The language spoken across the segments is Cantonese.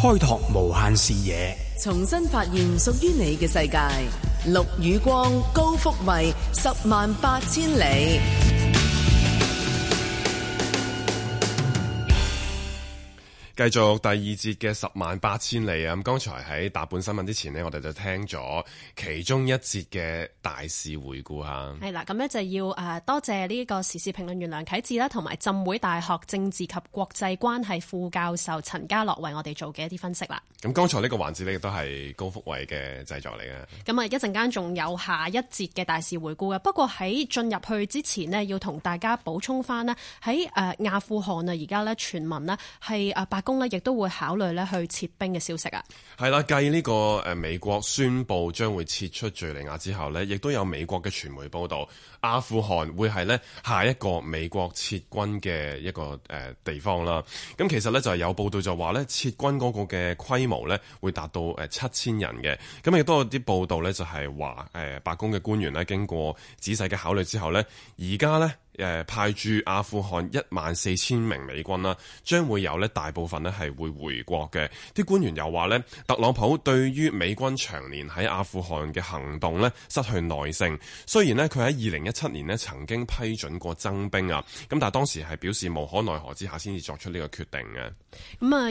開拓無限視野，重新發現屬於你嘅世界。陸宇光，高福慧，十萬八千里。繼續第二節嘅十萬八千里啊！咁剛才喺大本新聞之前呢我哋就聽咗其中一節嘅大事回顧係啦，咁呢，就要、呃、多謝呢個時事評論員梁啟智啦，同埋浸會大學政治及國際關係副教授陳家樂為我哋做嘅一啲分析啦。咁剛才呢個環節亦都係高福慧嘅製作嚟嘅。咁啊，一陣間仲有下一節嘅大事回顧嘅。不過喺進入去之前呢，要同大家補充翻啦。喺阿、呃、富汗啊，而家咧全民呢係啊亦都會考慮咧去撤兵嘅消息啊，係啦，繼呢個誒美國宣布將會撤出敍利亞之後呢，亦都有美國嘅傳媒報道，阿富汗會係呢下一個美國撤軍嘅一個誒地方啦。咁其實呢，就係有報道就話呢撤軍嗰個嘅規模呢會達到誒七千人嘅。咁亦都有啲報道呢，就係話誒白宮嘅官員呢經過仔細嘅考慮之後呢，而家呢。誒派駐阿富汗一萬四千名美軍啦，將會有咧大部分咧係會回國嘅。啲官員又話呢，特朗普對於美軍長年喺阿富汗嘅行動咧失去耐性。雖然呢，佢喺二零一七年咧曾經批准過增兵啊，咁但係當時係表示無可奈何之下先至作出呢個決定嘅。咁啊，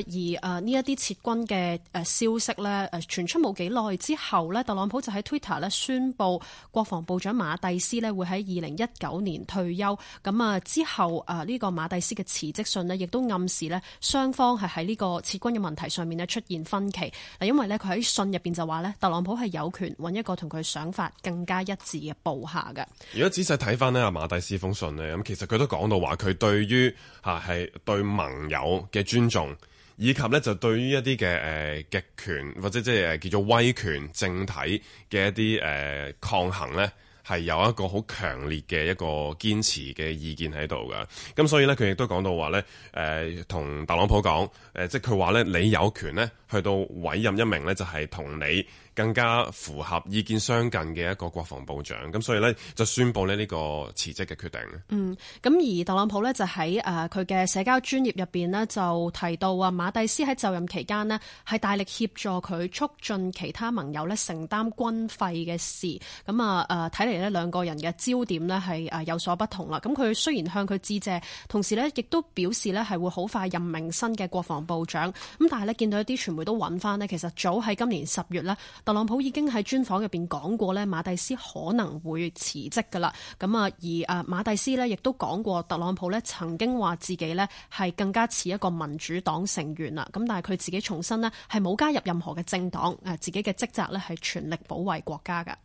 而誒呢一啲撤軍嘅誒消息咧誒傳出冇幾耐之後呢，特朗普就喺 Twitter 咧宣布，國防部長馬蒂斯咧會喺二零一九年退休。咁啊，之後啊，呢個馬蒂斯嘅辭職信呢，亦都暗示呢，雙方係喺呢個撤軍嘅問題上面呢，出現分歧。嗱，因為呢，佢喺信入邊就話呢，特朗普係有權揾一個同佢想法更加一致嘅部下嘅。如果仔細睇翻呢阿馬蒂斯封信呢，咁其實佢都講到話，佢對於吓係對盟友嘅尊重，以及呢，就對於一啲嘅誒極權或者即係叫做威權政體嘅一啲誒抗衡呢。係有一個好強烈嘅一個堅持嘅意見喺度㗎，咁所以呢，佢亦都講到話呢，誒、呃、同特朗普講，誒、呃、即係佢話呢，你有權呢，去到委任一名呢，就係同你更加符合意見相近嘅一個國防部長，咁所以呢，就宣布呢個辭職嘅決定。嗯，咁而特朗普呢，就喺誒佢嘅社交專頁入邊呢，就提到話馬蒂斯喺就任期間呢，係大力協助佢促進其他盟友呢，承擔軍費嘅事，咁啊誒睇嚟，呃咧兩個人嘅焦點咧係誒有所不同啦。咁佢雖然向佢致謝，同時呢亦都表示咧係會好快任命新嘅國防部長。咁但係呢，見到一啲傳媒都揾翻呢，其實早喺今年十月咧，特朗普已經喺專訪入邊講過呢，馬蒂斯可能會辭職噶啦。咁啊，而誒馬蒂斯呢，亦都講過，特朗普呢曾經話自己呢係更加似一個民主黨成員啦。咁但係佢自己重申呢係冇加入任何嘅政黨，誒自己嘅職責呢係全力保衞國家噶。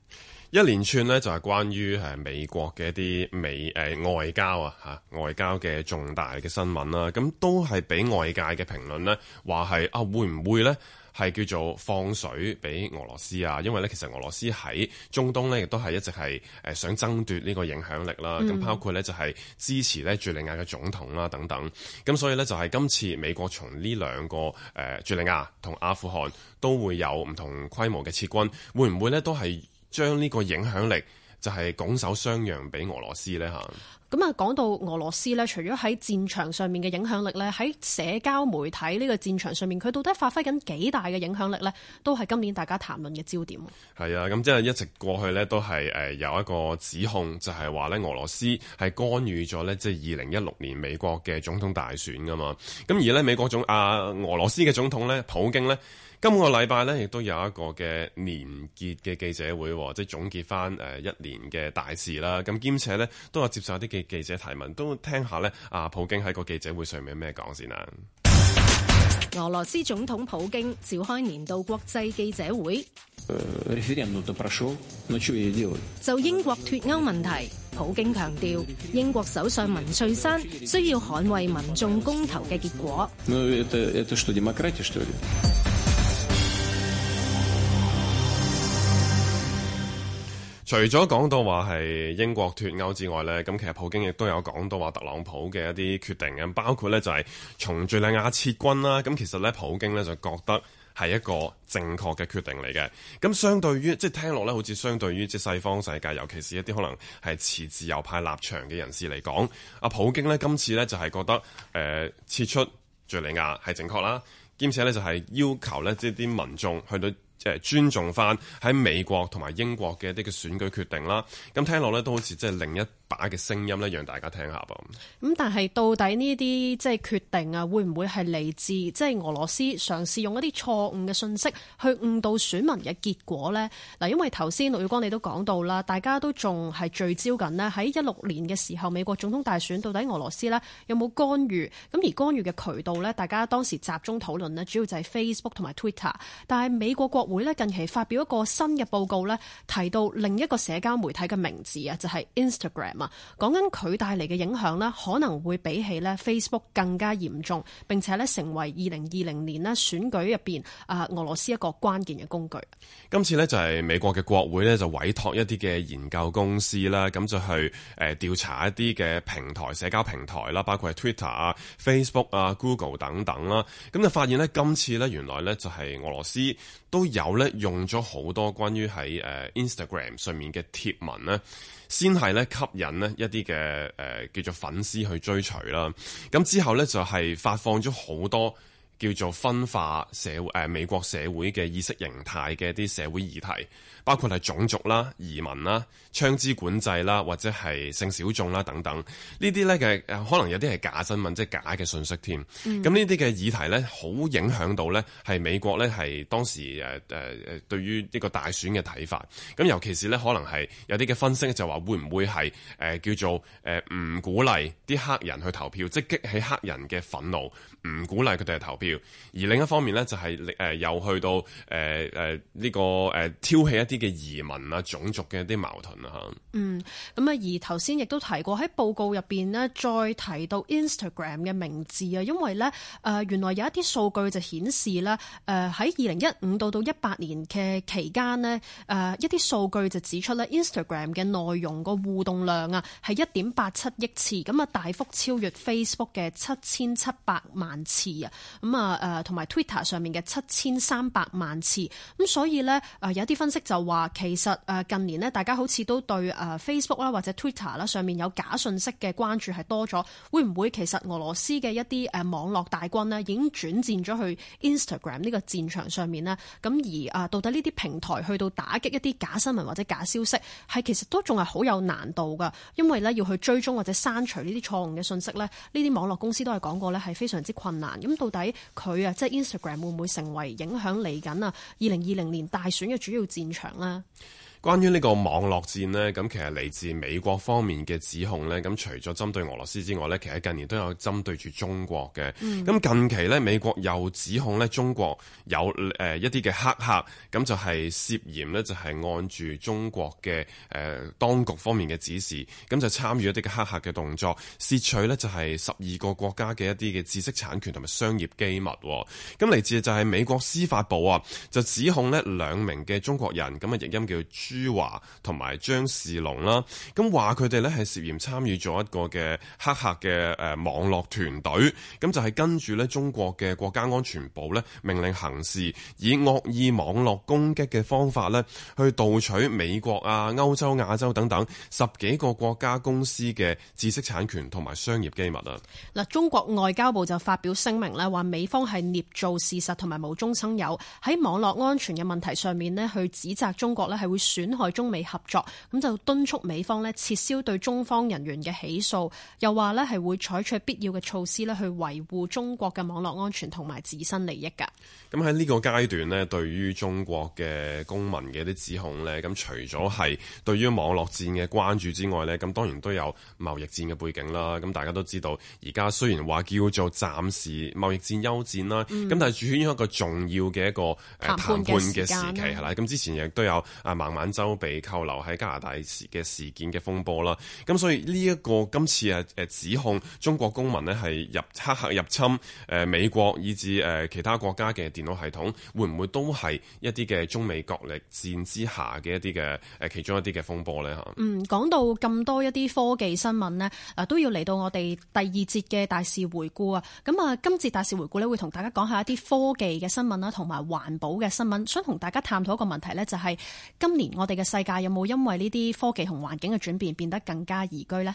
一連串呢就係關於誒美國嘅一啲美誒、呃、外交啊吓外交嘅重大嘅新聞啦，咁、啊、都係俾外界嘅評論呢，話係啊會唔會呢係叫做放水俾俄羅斯啊？因為呢，其實俄羅斯喺中東呢亦都係一直係誒想爭奪呢個影響力啦，咁、嗯、包括呢就係、是、支持咧敘利亞嘅總統啦等等，咁、啊、所以呢，就係、是、今次美國從呢兩個誒敘、呃、利亞同阿富汗都會有唔同規模嘅撤軍，會唔會呢都係？將呢個影響力就係拱手相讓俾俄羅斯呢。嚇。咁啊，講到俄羅斯呢，除咗喺戰場上面嘅影響力呢，喺社交媒體呢個戰場上面，佢到底發揮緊幾大嘅影響力呢？都係今年大家談論嘅焦點。係啊，咁即係一直過去呢，都係誒有一個指控，就係話呢俄羅斯係干預咗呢，即係二零一六年美國嘅總統大選噶嘛。咁而呢美國總啊，俄羅斯嘅總統呢，普京呢。今個禮拜咧，亦都有一個嘅年結嘅記者會，即係總結翻誒一年嘅大事啦。咁兼且咧，都有接受一啲嘅記者提問，都聽下咧。阿普京喺個記者會上面咩講先啊？俄羅斯總統普京召開年度國際記者會。就英國脱歐問題，普京強調英國首相文翠珊需要捍衛民眾公投嘅結果。除咗講到話係英國脱歐之外呢，咁其實普京亦都有講到話特朗普嘅一啲決定，包括呢就係從敍利亞撤軍啦。咁其實呢，普京呢就覺得係一個正確嘅決定嚟嘅。咁相對於即係聽落呢好似相對於即係西方世界，尤其是一啲可能係持自由派立場嘅人士嚟講，阿普京呢今次呢就係覺得誒、呃、撤出敍利亞係正確啦，兼且呢就係要求呢，即係啲民眾去到。尊重翻喺美國同埋英國嘅一啲嘅選舉決定啦，咁聽落呢，都好似即係另一把嘅聲音呢，讓大家聽下噃。咁但係到底呢啲即係決定啊，會唔會係嚟自即係俄羅斯嘗試用一啲錯誤嘅信息去誤導選民嘅結果呢？嗱，因為頭先陸耀光你都講到啦，大家都仲係聚焦緊呢。喺一六年嘅時候美國總統大選，到底俄羅斯呢有冇干預？咁而干預嘅渠道呢，大家當時集中討論呢，主要就係 Facebook 同埋 Twitter，但係美國國會。會咧近期發表一個新嘅報告咧，提到另一個社交媒體嘅名字啊，就係、是、Instagram 啊，講緊佢帶嚟嘅影響咧，可能會比起咧 Facebook 更加嚴重，並且咧成為二零二零年咧選舉入邊啊俄羅斯一個關鍵嘅工具。今次咧就係美國嘅國會咧就委託一啲嘅研究公司啦，咁就去誒調查一啲嘅平台社交平台啦，包括係 Twitter 啊、Facebook 啊、Google 等等啦，咁就發現咧今次咧原來咧就係俄羅斯都。有咧用咗好多關於喺誒 Instagram 上面嘅貼文咧，先係咧吸引咧一啲嘅誒叫做粉絲去追隨啦。咁之後咧就係發放咗好多。叫做分化社誒、呃、美國社會嘅意識形態嘅一啲社會議題，包括係種族啦、移民啦、槍支管制啦，或者係性小眾啦等等。這些呢啲咧嘅誒可能有啲係假新聞，即係假嘅信息添。咁呢啲嘅議題咧，好影響到咧，係美國咧係當時誒誒誒對於呢個大選嘅睇法。咁尤其是咧，可能係有啲嘅分析就話會唔會係誒、呃、叫做誒唔、呃、鼓勵啲黑人去投票，即激起黑人嘅憤怒，唔鼓勵佢哋去投票。而另一方面呢、就是，就係誒又去到誒誒呢個誒、呃、挑起一啲嘅移民啊、種族嘅一啲矛盾啊嗯，咁啊，而頭先亦都提過喺報告入邊呢，再提到 Instagram 嘅名字啊，因為呢，誒、呃、原來有一啲數據就顯示呢，誒喺二零一五到到一八年嘅期間呢，誒、呃、一啲數據就指出呢 Instagram 嘅內容個互動量啊係一點八七億次，咁啊大幅超越 Facebook 嘅七千七百萬次啊，咁、嗯。啊，誒，同埋 Twitter 上面嘅七千三百萬次咁，所以呢，誒有啲分析就話，其實誒近年呢，大家好似都對誒 Facebook 啦或者 Twitter 啦上面有假信息嘅關注係多咗，會唔會其實俄羅斯嘅一啲誒網絡大軍呢，已經轉戰咗去 Instagram 呢個戰場上面呢？咁而啊，到底呢啲平台去到打擊一啲假新聞或者假消息，係其實都仲係好有難度噶，因為呢要去追蹤或者刪除呢啲錯誤嘅信息呢，呢啲網絡公司都係講過呢，係非常之困難。咁到底佢啊，即係、就是、Instagram 會唔會成為影響嚟緊啊，二零二零年大選嘅主要戰場啦？關於呢個網絡戰呢，咁其實嚟自美國方面嘅指控呢，咁除咗針對俄羅斯之外呢，其實近年都有針對住中國嘅。咁、嗯、近期呢，美國又指控呢中國有一啲嘅黑客，咁就係涉嫌呢就係、是、按住中國嘅誒、呃、當局方面嘅指示，咁就參與一啲嘅黑客嘅動作，竊取呢就係十二個國家嘅一啲嘅知識產權同埋商業機密。咁嚟自就係美國司法部啊，就指控呢兩名嘅中國人，咁嘅譯音叫，朱華同埋張士龍啦，咁話佢哋呢係涉嫌參與咗一個嘅黑客嘅誒網絡團隊，咁就係、是、跟住呢中國嘅國家安全部呢命令行事，以惡意網絡攻擊嘅方法呢去盜取美國啊、歐洲、亞洲等等十幾個國家公司嘅知識產權同埋商業機密啊。嗱，中國外交部就發表聲明呢話美方係捏造事實同埋無中生有，喺網絡安全嘅問題上面呢，去指責中國呢係會損。損害中美合作，咁就敦促美方呢撤銷對中方人員嘅起訴，又話呢係會採取必要嘅措施呢去維護中國嘅網絡安全同埋自身利益噶。咁喺呢個階段呢，對於中國嘅公民嘅啲指控呢，咁除咗係對於網絡戰嘅關注之外呢，咁當然都有貿易戰嘅背景啦。咁大家都知道，而家雖然話叫做暫時貿易戰休戰啦，咁、嗯、但係處於一個重要嘅一個談判嘅時期係啦。咁之前亦都有啊慢慢。舟被扣留喺加拿大時嘅事件嘅風波啦，咁所以呢一個今次啊，誒指控中國公民咧係入黑客入侵誒美國以至誒其他國家嘅電腦系統，會唔會都係一啲嘅中美角力戰之下嘅一啲嘅誒其中一啲嘅風波咧吓？嗯，講到咁多一啲科技新聞咧，啊都要嚟到我哋第二節嘅大事回顧啊。咁啊，今節大事回顧咧，會同大家講下一啲科技嘅新聞啦，同埋環保嘅新聞，想同大家探討一個問題咧，就係今年。我哋嘅世界有冇因為呢啲科技同環境嘅轉變，變得更加宜居呢？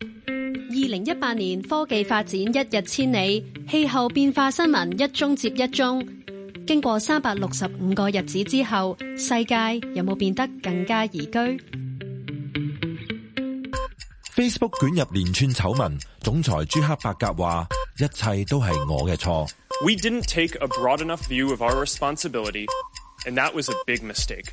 二零一八年科技發展一日千里，氣候變化新聞一宗接一宗。經過三百六十五個日子之後，世界有冇變得更加宜居？Facebook 捲入連串醜聞，總裁朱克伯格話：一切都係我嘅錯。We didn't take a broad enough view of our responsibility, and that was a big mistake.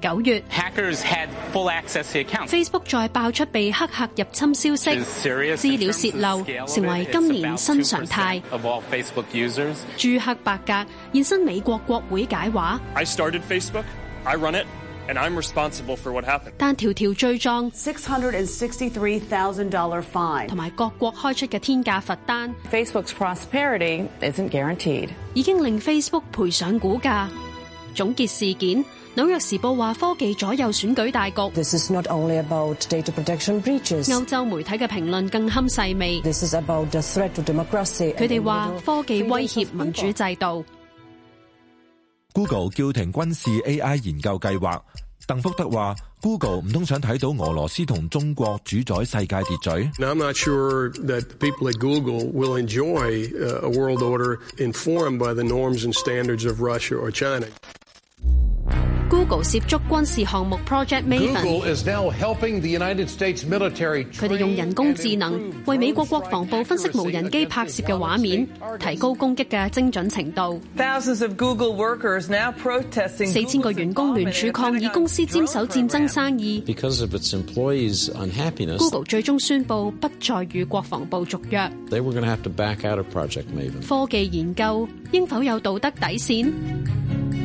九月，Facebook 再爆出被黑客入侵消息，資料泄露，成為今年新常態。朱克伯格現身美國國會解話，但條條罪狀，同埋各國開出嘅天價罰單，已經令 Facebook 賠上股價。總結事件。《紐約時報》話科技左右選舉大局。歐洲媒體嘅評論更堪細味。佢哋話科技威脅民主制度。Google 叫停軍事 AI 研究計劃。鄧福德話：Google 唔通想睇到俄羅斯同中國主宰世界秩序？Google 涉足軍事項目 Project Maven，佢哋用人工智能為美國國防部分析無人機拍攝嘅畫面，提高攻擊嘅精準程度。四千個員工聯署抗議公司沾手戰爭生意，Google 最終宣布不再與國防部續約。科技研究應否有道德底線？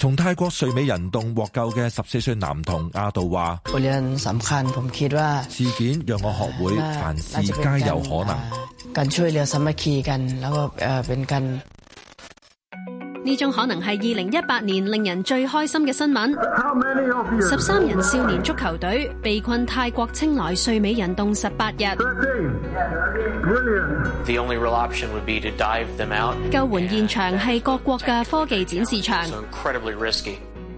從泰國睡美人洞獲救嘅十四歲男童阿杜話：事件讓我學會凡事皆有可能。呢種可能係二零一八年令人最開心嘅新聞。十三人少年足球隊被困泰國清萊睡美人洞十八日。救援現場係各國嘅科、no、科技展示場。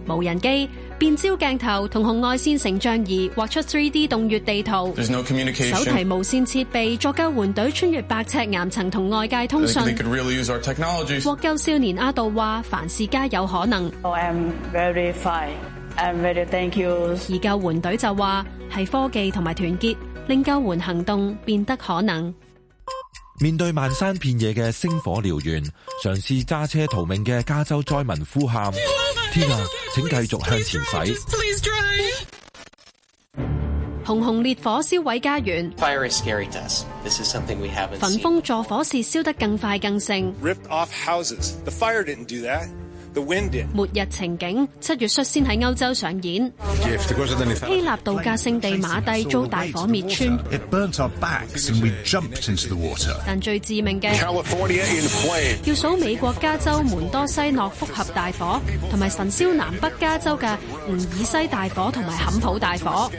無人機、變焦鏡頭同紅外線成像儀畫出 3D 洞穴地圖。No、手提無線設備助救援隊穿越百尺岩層同外界通訊。獲救、really、少年阿杜話：凡事皆有可能。Oh, Ready, thank you. 而救援隊就話：係科技同埋團結，令救援行動變得可能。面對漫山遍野嘅星火燎原，嘗試揸車逃命嘅加州災民呼喊：天啊，請繼續向前駛！紅紅烈火燒毀家園，焚風助火勢燒得更快更盛。末日情景七月率先喺歐洲上演。希臘度假勝地馬蒂遭大火滅村。但最致命嘅，要數美國加州門多西諾複合大火，同埋神燒南北加州嘅吳爾西大火同埋坎普大火。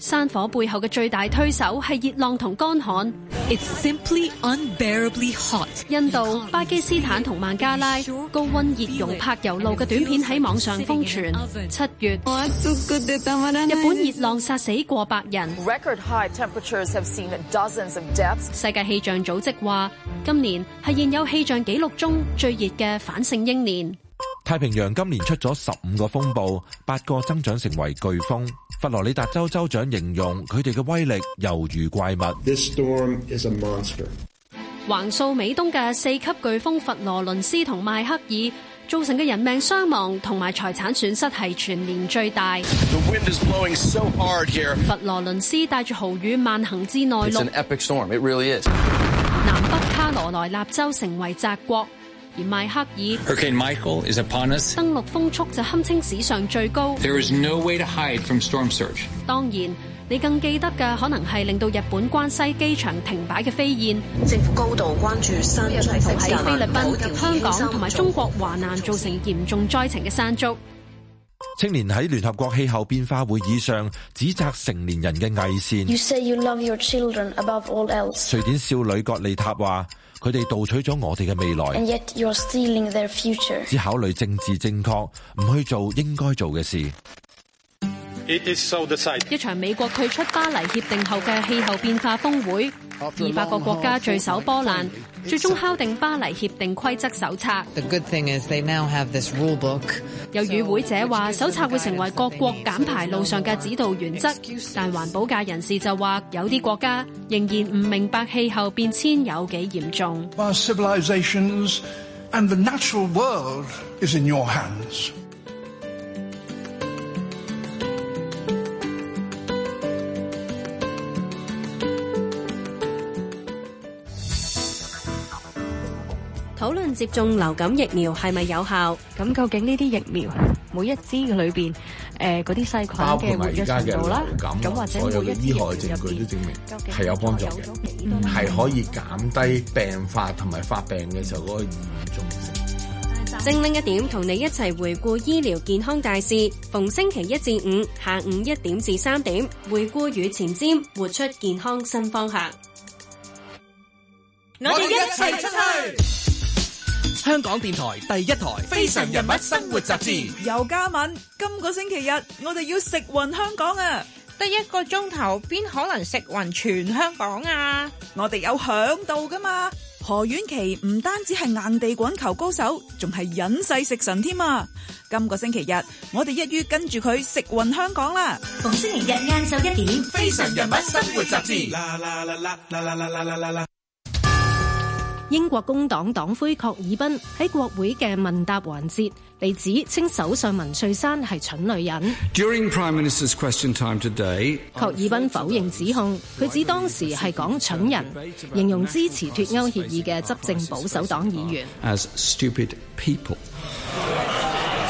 山火背後嘅最大推手係熱浪同乾旱。It's simply unbearably hot. 印度、巴基斯坦同孟加拉高溫熱熔柏油路嘅短片喺網上瘋傳。七月，日本熱浪殺死過百人。Record high temperatures have seen dozens of deaths. 世界氣象組織話，今年係現有氣象記錄中最熱嘅反聖嬰年。太平洋今年出咗十五個風暴，八個增長成為颶風。佛羅里達州州長形容佢哋嘅威力猶如怪物。橫掃美東嘅四級颶風佛羅倫斯同邁克爾造成嘅人命傷亡同埋財產損失係全年最大。So hard here. 佛羅倫斯帶住豪雨萬行之內陸，really、南北卡羅來納州成為澤國。邁克爾 Hurricane Michael is upon us。登陸風速就堪稱史上最高。There is no way to hide from storm surge。當然，你更記得嘅可能係令到日本關西機場停擺嘅飛燕，政府高度關注山竹，同喺菲律賓、香港同埋中國華南造成嚴重災情嘅山竹。青年喺聯合國氣候變化會議上指責成年人嘅偽善。瑞典少女格利塔話：佢哋盜取咗我哋嘅未來，只考慮政治正確，唔去做應該做嘅事。So、一場美國退出巴黎協定後嘅氣候變化峰會。二百個國家聚首波蘭，It's 最終敲定巴黎協定規則 so, 手冊。有與會者話：手冊會成為各國減排路上嘅指導原則。So, no、但環保界人士就話：有啲國家仍然唔明白氣候變遷有幾嚴重。接種流感疫苗係咪有效？咁究竟呢啲疫苗每一支嘅裏邊誒嗰啲細菌嘅活躍程度啦，咁或者所有嘅醫學證據都證明係有幫助嘅，係可以減低病發同埋發病嘅時候嗰個嚴重性。精靈一點，同你一齊回顧醫療健康大事。逢星期一至五下午一點至三點，回顧與前瞻，活出健康新方向。我哋一齊出去。香港電台第一台《非常人物生活雜誌》游嘉敏，今個星期日我哋要食匀香港啊！得一個鐘頭，邊可能食匀全香港啊？我哋有響度噶嘛？何婉琪唔單止係硬地滾球高手，仲係隱世食神添啊！今個星期日我哋一於跟住佢食匀香港啦、啊！逢星期日晏晝一點，《非常人物生活雜誌》。英國工黨黨魁郝爾賓喺國會嘅問答環節被指稱首相文翠珊係蠢女人。During Prime Minister's question time today, 郝爾賓否認指控，佢指當時係講蠢人，形容支持脫歐協議嘅執政保守黨議員。As stupid people.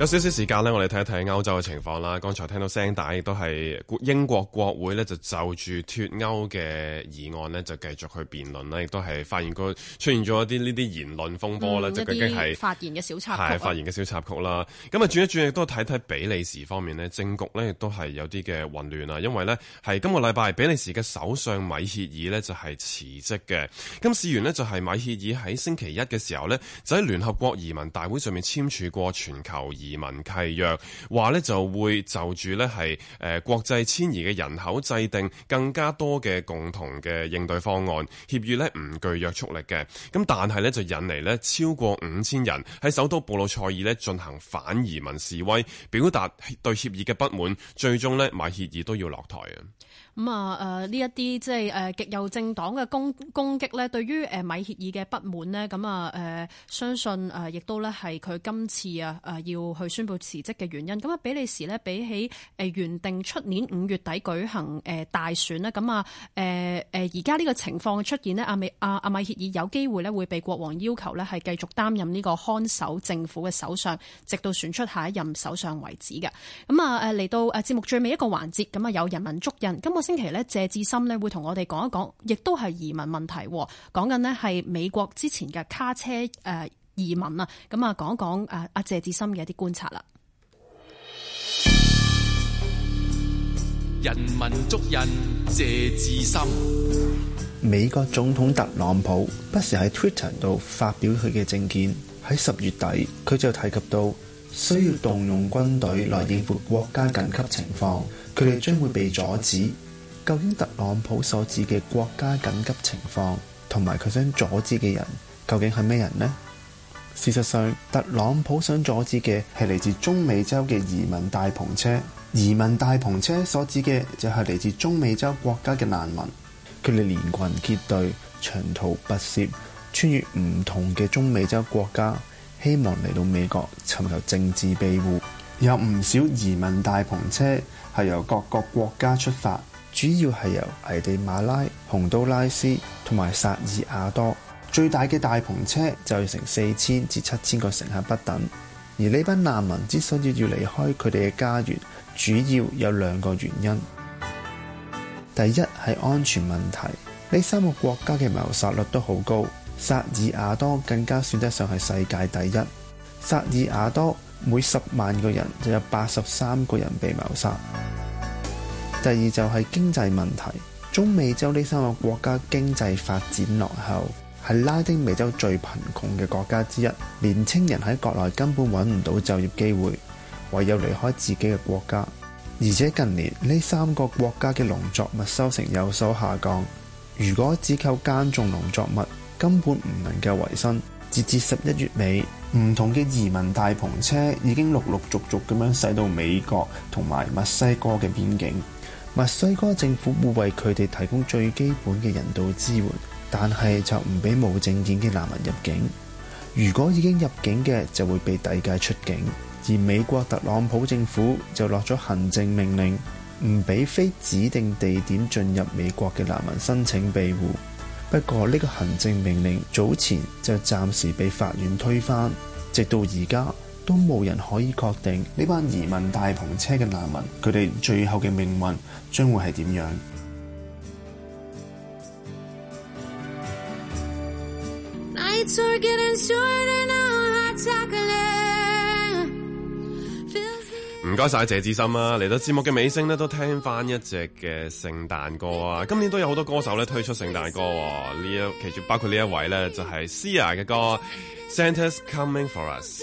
有少少時間咧，我哋睇一睇歐洲嘅情況啦。剛才聽到聲帶，亦都係英國國會咧就就住脫歐嘅議案咧就繼續去辯論啦，亦都係發現過出現咗一啲呢啲言論風波咧，嗯、就究竟係發言嘅小插曲發言嘅小插曲啦。咁啊轉一轉，亦都睇睇比利時方面咧政局，咧亦都係有啲嘅混亂啦，因為咧係今個禮拜比利時嘅首相米歇爾咧就係辭職嘅。咁事緣咧就係、是、米歇爾喺星期一嘅時候咧就喺聯合國移民大會上面簽署過全球移民契約，話呢就會就住呢係誒國際遷移嘅人口制定更加多嘅共同嘅應對方案，協議呢唔具約束力嘅，咁但係呢就引嚟呢超過五千人喺首都布魯塞爾呢進行反移民示威，表達對協議嘅不滿，最終呢，買協議都要落台啊！咁啊，誒呢一啲即係誒極右政黨嘅攻攻擊咧，對於誒米歇爾嘅不滿咧，咁啊誒相信誒亦都咧係佢今次啊要去宣布辭職嘅原因。咁啊，比利時咧比起誒原定出年五月底舉行誒大選呢，咁啊誒誒而家呢個情況嘅出現咧，阿米阿阿米歇爾有機會咧會被國王要求咧係繼續擔任呢個看守政府嘅首相，直到選出下一任首相為止嘅。咁啊誒嚟到誒節目最尾一個環節，咁啊有人文足印，星期咧，謝智森咧會同我哋講一講，亦都係移民問題。講緊呢係美國之前嘅卡車誒移民啊，咁啊講一講誒阿謝智森嘅一啲觀察啦。人文足印，謝智森。美國總統特朗普不時喺 Twitter 度發表佢嘅政見。喺十月底，佢就提及到需要動用軍隊來應付國家緊急情況，佢哋將會被阻止。究竟特朗普所指嘅國家緊急情況，同埋佢想阻止嘅人，究竟係咩人呢？事實上，特朗普想阻止嘅係嚟自中美洲嘅移民大篷車。移民大篷車所指嘅就係嚟自中美洲國家嘅難民，佢哋連群結隊，長途跋涉，穿越唔同嘅中美洲國家，希望嚟到美國尋求政治庇護。有唔少移民大篷車係由各個國家出發。主要係由危地馬拉、洪都拉斯同埋薩爾亞多，最大嘅大篷車就要成四千至七千個乘客不等。而呢班難民之所以要離開佢哋嘅家園，主要有兩個原因。第一係安全問題，呢三個國家嘅謀殺率都好高，薩爾亞多更加算得上係世界第一。薩爾亞多每十萬個人就有八十三個人被謀殺。第二就係經濟問題。中美洲呢三個國家經濟發展落後，係拉丁美洲最貧窮嘅國家之一。年輕人喺國內根本揾唔到就業機會，唯有離開自己嘅國家。而且近年呢三個國家嘅農作物收成有所下降，如果只靠耕種農作物，根本唔能夠維生。截至十一月尾，唔同嘅移民大篷車已經陸陸續續咁樣駛到美國同埋墨西哥嘅邊境。墨西哥政府會為佢哋提供最基本嘅人道支援，但係就唔俾無證件嘅難民入境。如果已經入境嘅，就會被遞解出境。而美國特朗普政府就落咗行政命令，唔俾非指定地點進入美國嘅難民申請庇護。不過呢個行政命令早前就暫時被法院推翻，直到而家。都冇人可以確定呢班移民大篷車嘅難民，佢哋最後嘅命運將會係點樣？唔該晒謝智森啊！嚟到節目嘅尾聲咧，都聽翻一隻嘅聖誕歌啊！今年都有好多歌手咧推出聖誕歌，呢一其中包括呢一位咧，就係 Sia 嘅歌《Santa's Coming for Us》。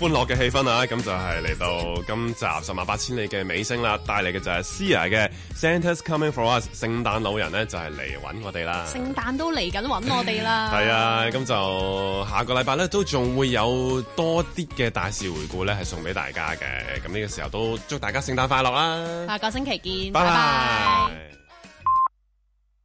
歡樂嘅氣氛啊，咁就係嚟到今集十萬八千里嘅尾聲啦，帶嚟嘅就係 Sia 嘅 Santa's Coming For Us，聖誕老人咧就係嚟揾我哋啦，聖誕都嚟緊揾我哋啦，係 啊，咁就下個禮拜咧都仲會有多啲嘅大事回顧咧，係送俾大家嘅，咁呢個時候都祝大家聖誕快樂啦，下個星期見，拜拜 bye。Bye bye。